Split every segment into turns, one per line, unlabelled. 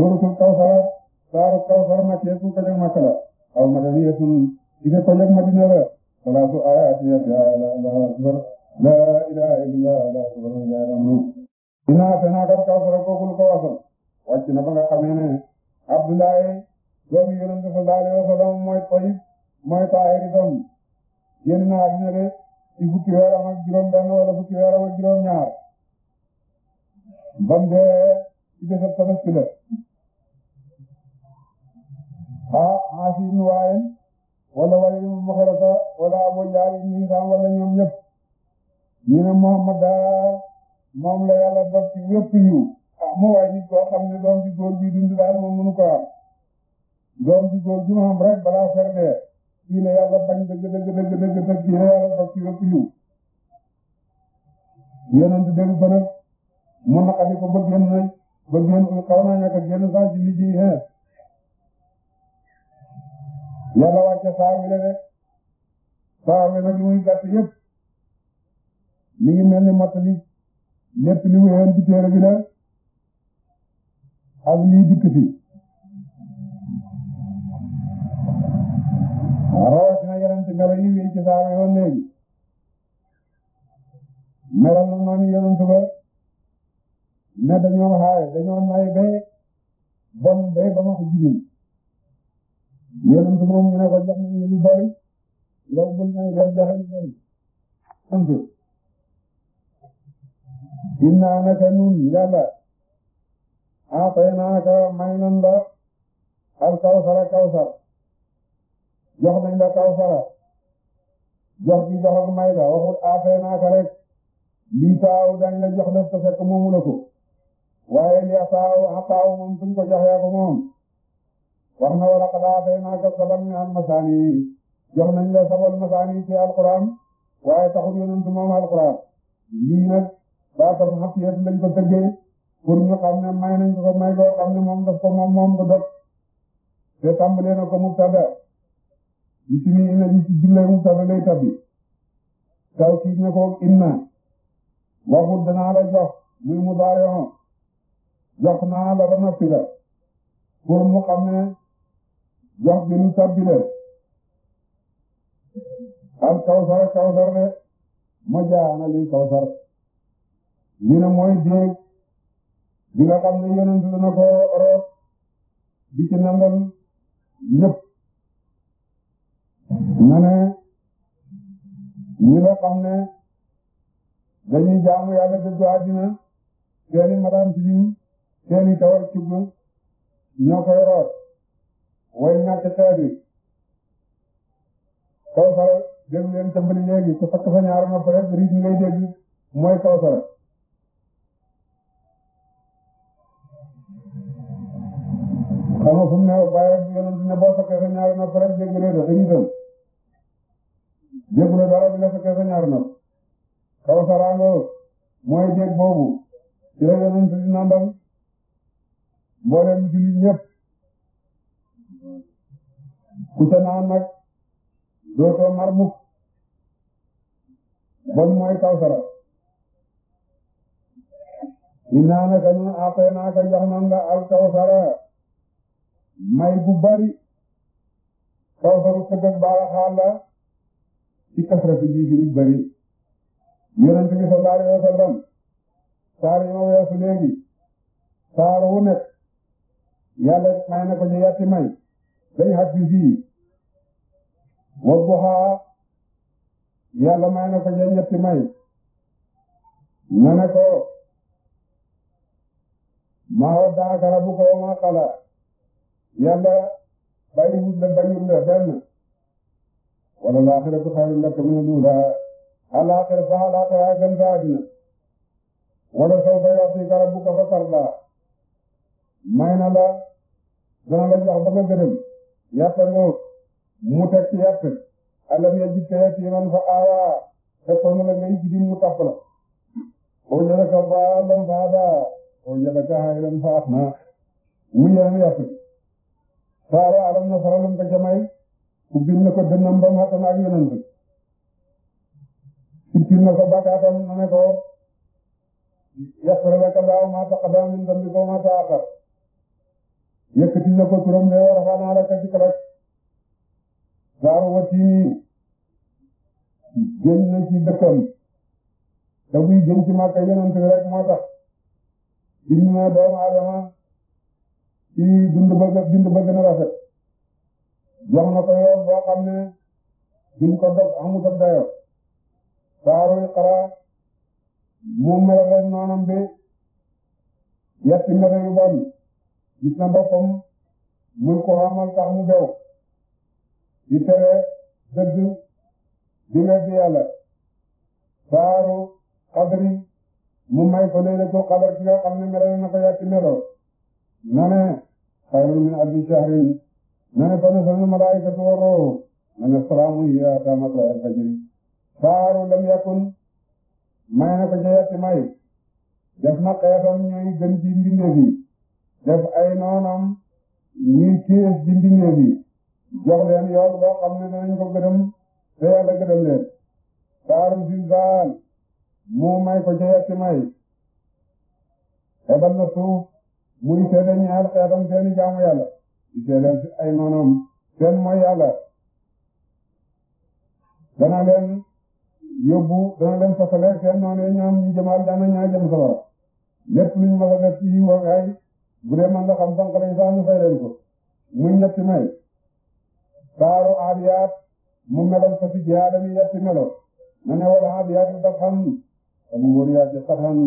suuratul Kawsar saaru Kawsar nag yéen suñ ko def Makka la aw Madina yéen suñ di ko def Madina la salaasu ayaati Allahu akbar laa ilaaha illallaa Allahu akbar wallaahi alhamdu innaa a'taynaaka Kawsar kooku lu ko wasal wàcc na ba nga xamee ne Abdoulaye doomu Yonent sallallahu alayhi wa sallam mooy Tayyib mooy Taahir itam génn na àddina de ci fukki weeram ak juróom benn wala fukki weeram ak juróom ñaar bam dee ci bésab tabaski la ah xaasi nu waayeen wala wala mu Muxarasa wala Abu Jahl ñu sam wala ñoom ñëpp ñu ne Muhammad daal moom la yàlla def ci wépp yiw ah mu waay nit koo xam ne doom ji góor ji dund daal moom mënu ko am doom ji góor ji mu am rek balaa ferdee kii la yàlla bañ dëgg dëgg dëgg dëgg te kii la yàlla def ci wépp yiw yonent dégg ko nag mun na xadi ko ba génn ba génn xaw naa ñàkk a génn sax ci liggéey yàlla wàcce saa wi de saa wi nag li muy gàtt yëpp mi ngi mel ni mottali li bi la ak lii dikk fi rawatina yeneen ci melo yi wéy ci saa wi woon léegi melal na bon ba ba ma ko jidim yonent moom ñu ne ko jox nañu lu bari yow buñ ne nga joxe lu bari sant inna naka nun yàlla aatay naaka may nan la al kawsara kawsar jox nañ la kawsara jox gi jox ak may la waxul aatay naaka rek lii taaw dañ la jox def te fekk moomu la ko waaye li taaw a taaw moom suñ ko joxee ko moom war na wala xalaat ay naa ko sabal mi al masaani yi jox nañ la sabal masaani yi ci alquran waaye taxul yonent moom alquran lii nag daa tax xasiyat lañ ko tëggee pour ñu xam ne may nañ ko may loo xam ne moom daf ko moom moom du dog te tàmbalee na ko mubtada bisimi inna ji ci jumlay mubtada lay tabbi taw siit na ko inna waxut danaa la jox muy mu daareon jox naa la ba noppi la mu xam ne jox bi ñu tabbi leen al kawsar kawsar de ma jaana li kawsar ñu ne mooy déeg bi nga xam ne yonent dina ko root di ci nangal ñëpp na ne ñi nga xam ne dañuy jaamu yàlla dëggu àddina seeni way ñàkkteer yi Kawsara déglu leen tëmbali léegi ku sakk fa ñaar nopp rek riz mi ngay dégg mooy Kawsara xam nga fu mu ne bàyyi yonent ne boo sakkee fa ñaar nopp rek dégg réew mi ritam déglu dara bi nga sakkee fa ñaar nga mooy dégg boobu ci la yonent di nandal mboolem jullit ku ca dootoo mar mukk bon kawsara inna naka nun ataynaaka jox nan al kawsara may bu bari kawsaru tëggat baara xaal la ci kasratu ji fi bari yonent bi sallallahu alayhi wa sallam saar yi ma weesu léegi saar wu nekk may na ko ñu may day xat wadduha yàlla may na ko ja ñetti may na ne ko maa wa maa qala yàlla bàyyiwut la bañut la benn wala laaxiratu xayrun laka mina l-uulaa alaaxira sax alaaka yaa gën sa àddina wala sawfa yu'tiika rabbuka fatardaa may na la dana la jox ba nga mu teg ci yàq alam yajidka yatiiman fa aawa fekk mu ne ngay jidim mu topp la wa wajadaka daallan fa hadaa wa wajadaka aa'ilan fa aghnaa mu yéen yàq saara alam na faralum ko jamay ubbil na ko dënnam ba mu xatan ak yonent sippil na ko bakaatam na ne ko yaxfir laka laahu maa taqaddama min dambika wa maa ta'akhkhar yëkkati na ko turam de war a fanaa la ka ci waaw wa tiini génn na ci dëkkam te buy génn ci Makka yonent rek moo tax indi na doomu aadama ci dund ba dund ba gën a rafet jox na ko yoon boo xam ne duñ ko dog amut ak dayo saaru iqra moom mel rek bi di tere dëgg di weddi yàlla saaru xadri mu may ko laylatul qadr ki nga xam ne melo na ko yàcc melo na ne xayrun min alfi shahrin na ne tanazzalu malaa'ikatu war ruuhu na ne salaamun hiya hattaa matla'il yakun may na ko ca yàcc may def na xeetam ñooy gën ay noonam ñuy kiis ci mbindeef jox leen yool boo xam ne danañ ko gërëm te yàlla gërëm leen saarum si saan mu may ko ci yetti may ebal na suuf muy seede ñaar xeetam seeni jaamu yàlla di seedeel ay noonam seen mooy yàlla dana leen yóbbu dana leen fasale seen noonee ñoom ñu jëmal dana ñaa jëm sabara lépp luñ masa def ci yiw ak ay bu dee man la xam banq lañ sax ñu fay leen ko muy may saaru aadiyaat mu melal ko ci jihaadami yetti melo na ne wal aadiyaat dafan wal muriyaat qatan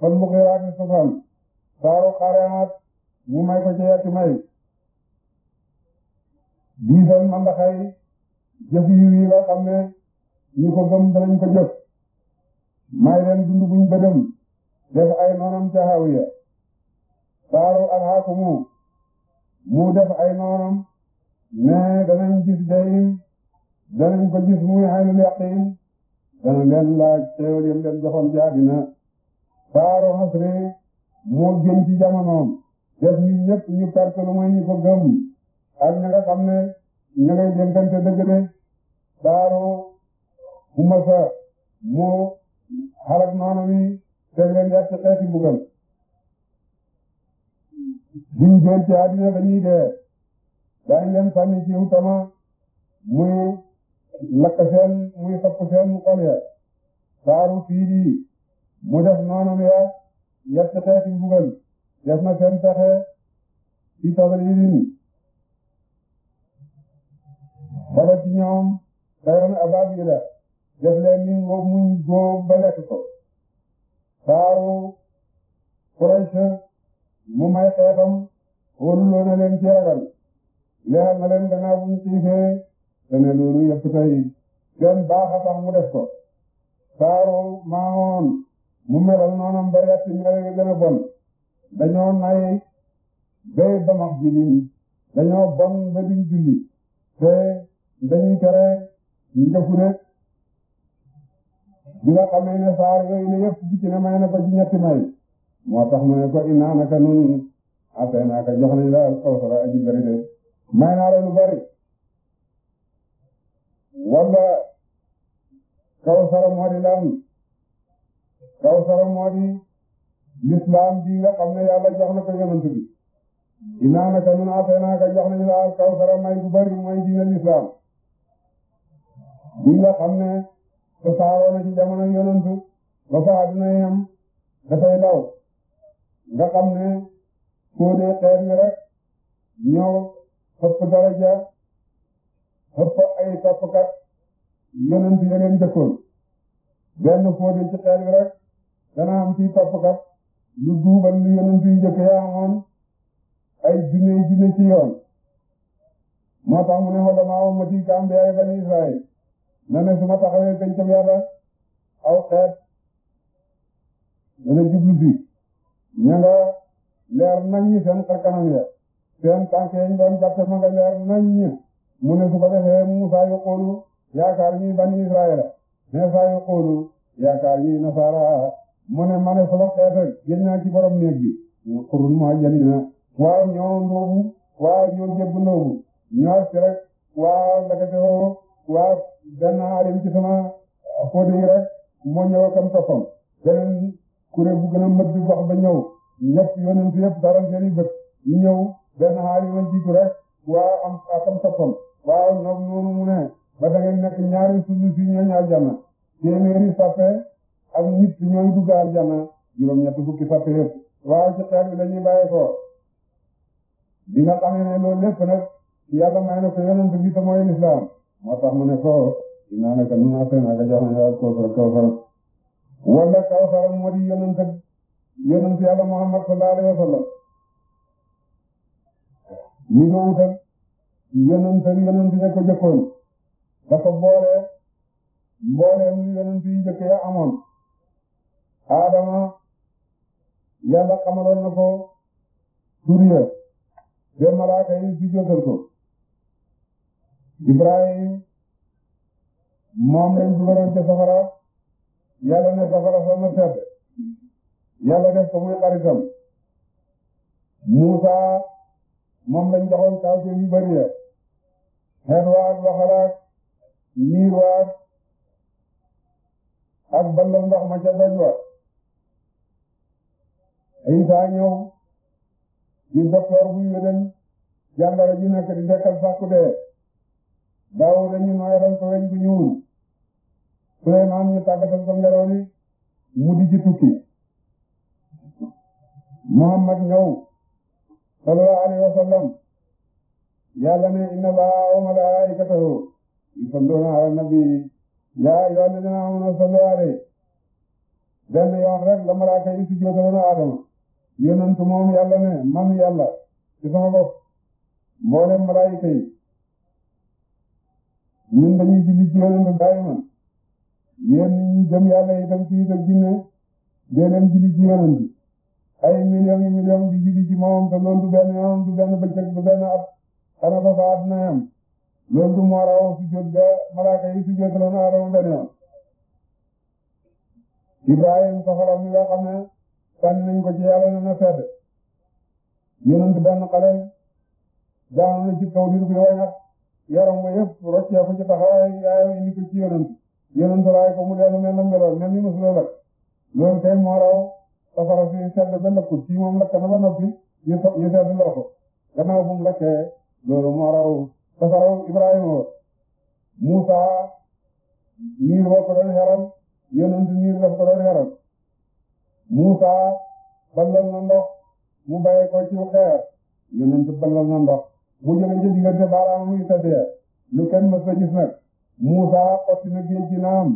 wal mughiraat safan saaru qaari'aat mu may ko ci yetti may diisan mandaxay jëf yu yi la xam ne ñi ko gëm danañ ko jëf may leen dund buñ bëgëm def ay noonam ca Haawiya saaru al haakumu mu def ay noonam mais danañ gis jëriñ danañ ko gis muy aynul yaqin dana leen laaj xéewal yam leen joxoon ci àddina saaru xasri moo gën ci jamonoom def nit ñëpp ñu perte lu mooy ñu ko gëm ak ña nga xam ne ña ngay dénkante dëgg de saaru humasa moo xalak noonu mi teg leen yàq ci xeeti bugal buñ jël ci àddina dañuy dee daañu leen sànni ci utama muy lakk muy xëpp seen xol ya saaru fii di mu def noonam ya yett xeeti mbugal def na seen pexe ci tadririn xoolal ci ñoom xayran abaabila def leen ni ngóob muñ góob ba ko saaru Quraysh mu may xeetam wóolu loo leen ci ragal leeral na leen gannaaw bu ñu seen baax a tax mu def ko saaru maamoon mu melal noonam ba yàtt mel yi gën a bon dañoo nay ba max ji lin dañoo bon ba duñ julli te dañuy tere njëfu rek bi nga xamee ne saar yooyu ne yëpp bi ci ne may na ko ci ñetti may moo tax mu ne ko inaanaka nun afee naaka jox nañ la al kawsara aji bari de maanaa la lu bari walla kawsara moo di lan kawsara moo di lislaam bi nga xam ne yàlla jox na ko yonent bi inaa naka nun ataynaaka jox nañu la kawsara may bu bari mooy diina lislaam bi nga xam ne ko saaroo na ci jamono yonent ba fa àdduna yam dafay law nga xam ne koo dee xeer mi rek ñëw ëpp daraja ëpp ay toppkat yeneen bi yeneen jëkkoon benn fóode ci xeer bi rek dana lu duubal lu yeneen bi njëkk yaa ay junne junne ci yoon moo tax mu ne ma damaa ummati ka anbiyaa bani Israayil na ne su ma taxawee pencam Yàlla aw seen xar ya seen tànk yi ñu doon jàppe ma nga leer nañ ñi mu ne su ko defee Musa yokkoonu yaakaar ñi bani Israël Musa yokkoonu yaakaar ñi nasara mu ne ma ne fa la xeet génn naa ci borom néeg bi ñu xurun mu ajjani na waaw ñoo ndóobu waaw ñoo jébbu ndóobu ñoo ci rek waaw ndakatewoo waaw benn alim ci sama fóote yi rek moo ñëw kam toppam beneen kuréel bu gën a mët bi wax ba ñëw ñëpp yonent yëpp dara seen i bët ñëw benn xaal yi ma rek waaye am atam soppam waaw ñoom noonu mu ne ba da ngay nekk ñaari suñu fi ñooñu aljanna téeméeri sappe ak nit ñooy dugg aljanna juróom-ñett fukki sappe yëpp waaw ci xeer bi la ñuy bàyyee ko bi nga xamee ne loolu lépp nag yàlla may na ko yonent bi te mooy lislaam moo tax mu ne ko dinaa ne que nu naa seen ak jox nañu kawsar kawsar wala kawsar moo di yonent yonent yàlla Muhammad sallallahu alayhi wa sallam ñu ngi woon tam yonent yonent yi ko jëkkoon dafa boole mbooleem yonent yi jëkk ya amoon Adama yàlla xamaloon na ko turiya de malaaka yi fi jotal ko Ibrahim moom lañ dugaloon ca safara yàlla ne safara sa na sedd yàlla def ko muy xaritam Muusa moom la joxoon kawteef yu bëri ya xeet waag waxalaat niir waag ak ballal ma ca doj wa Isaa ñëw di docteur buy wéral jàngara ju nekk di dekkal sàkku dee daaw dañu nooyalal ko weñ bu ñuul Suleymaan ñu tàggatal ko ngelaw li mu di ci tukki Muhammad ñëw sallallahu alayhi wa sallam yàlla ne inna allaha wa malaa'ikatahu yusalluna ala nabi yaa ayyuha alladhina amanu sallu alayhi benn yoon rek la malaaka yi sujjóotaloon Aadama yonent moom yàlla ne man yàlla ci sama bopp mboolem malaayika yi ñun dañuy julli ci yonent daayiman yéen ñi gëm yàlla itam ci itam jinne dee leen julli ci yonent ay millions yi millions di julli ci moom te loolu du benn yoon du benn bëccëg du benn at xanaa mi nga xam ne tànn nañ ko ci yàlla na na seete yonent benn xale daanu na ci kaw dir bi wañat yaram ba yëpp roccee ko ci taxawaay yaayam indi ko ci yonent yonent raay mu dellu mel na meloon mel ni mosuloo la loolu safara si sedd ba nëkkul fii moom lakk na ba noppi ñu to ñu sedd loo ko gannaaw bu mu lakkee loolu moo raw safaraw Ibrahima Musa niir boo ko doon xeral yonent niir daf ko doon xeral Musa ballal na ndox mu bàyyi ko ci xeer yonent ballal na ndox mu jóge ci diggante baaraam muy tëddee lu kenn mës a gis nag Musa xotti na géej gi naam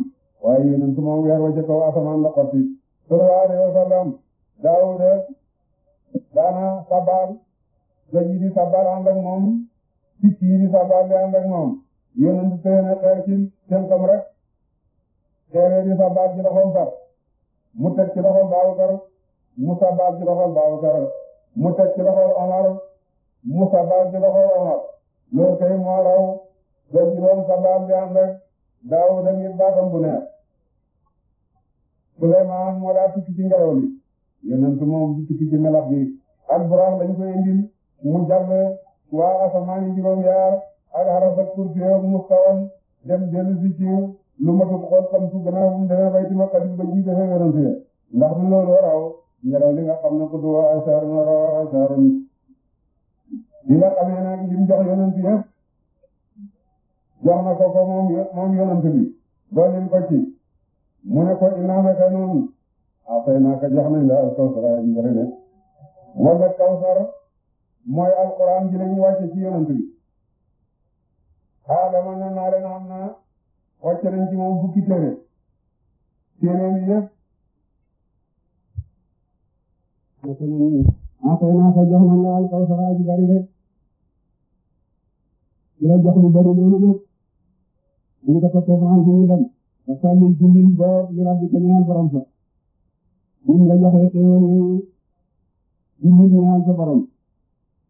waaye yonent moom weer wa ca kaw asamaan la xotti sallallahu alayhi wa sallam daawud daana sabal gëj yi di sabal ànd ak moom picc yi di sabal di ànd ak moom yéen a téye na xeer ci tënkam rek téere di sabal ci loxoom far mu teg ci loxol Baabakar mu sabal ci loxol Baabakar mu teg ci loxol Omar mu sabal ci loxol Omar loolu kay moo raw gëj yi doon sabal di ànd ak daawud dañuy baatam bu neex Souleymane moo daa tukki ci ngelaw li yonent moom du tukki ci melax bi ak waa asamaan yi juróom-yaar ak aras ak kursi ak dem dellu si ci lu matut xool xam su gannaaw bu mu demee bayti maqdis ba jiite fa yonent ya ndax du loolu raw ngelaw li nga xam ne ko du wa asarun raw asarun li nga xamee nag lim bi doon lim ko ci mu ne ko inna naka noonu afay ah, naka jox nañ la al kawsar ñu bëri ne wala kawsar mooy alquran ji la ñu wàcce ci yonent bi xaala man na naa na wàcce nañ ci moom fukki téere téere yi yëpp
naka noonu afay ah, naka jox la al kawsar ñu bëri ne ñu la jox lu bëri loolu nag ñu ko dafa am lu jëndin ba ñu ràgg te ñaan borom sa ñun nga joxe te ñu jëndin ñaan sa borom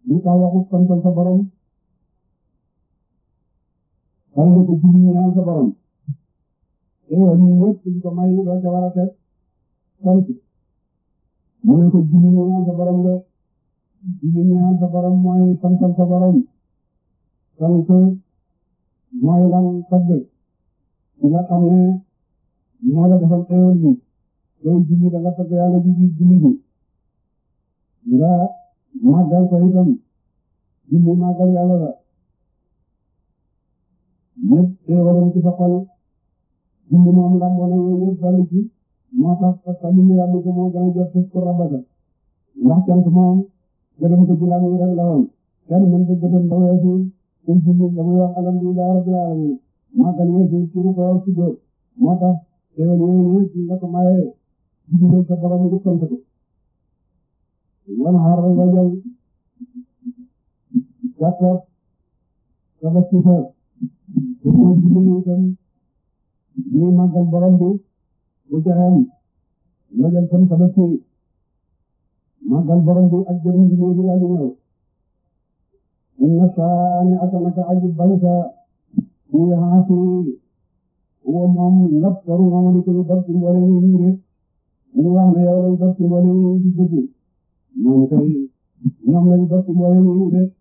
ñu tax waxu kontal sa borom wala nga ko jëndin ñaan sa borom te wala ñun ñëpp suñ ko may doo ca war a teg sant mu ne ko jëndin ñaan sa borom de jëndin ñaan sa borom mooy kontal sa borom sant mooy lan tagg ki nga xam ne moo la defal xéewal gi ngay julli da nga fekk yàlla di julli gi nga màggal ko itam julli màggal yàlla la ñëpp xéewalam ci sa xol julli moom lamboo na yooyu yëpp dolli ci moo tax parce que li ñu yàlla ko moo gën a jot ci ko rabata ndax cant moom gëdëm ko ci lam yi rek la woon kenn mën ko gëdëm ba weesu suñ julli da muy wax alhamdulilah rabbil alamin màggal Yeesu turu ko ci jóg moo tax teewul yooyu yëpp nga ko mayee jigéen sa ko wala xaaral nga jël bët ci xel te ñun jigéen ci màggal borom bi ak jërëm jigéen aji bañ muy xaasi woo moom lépp dara moom li ko lu bari ci mboolem yi ñu ne ñu wax ne yow lañ bari ci mboolem yi ñu ci dëgg moom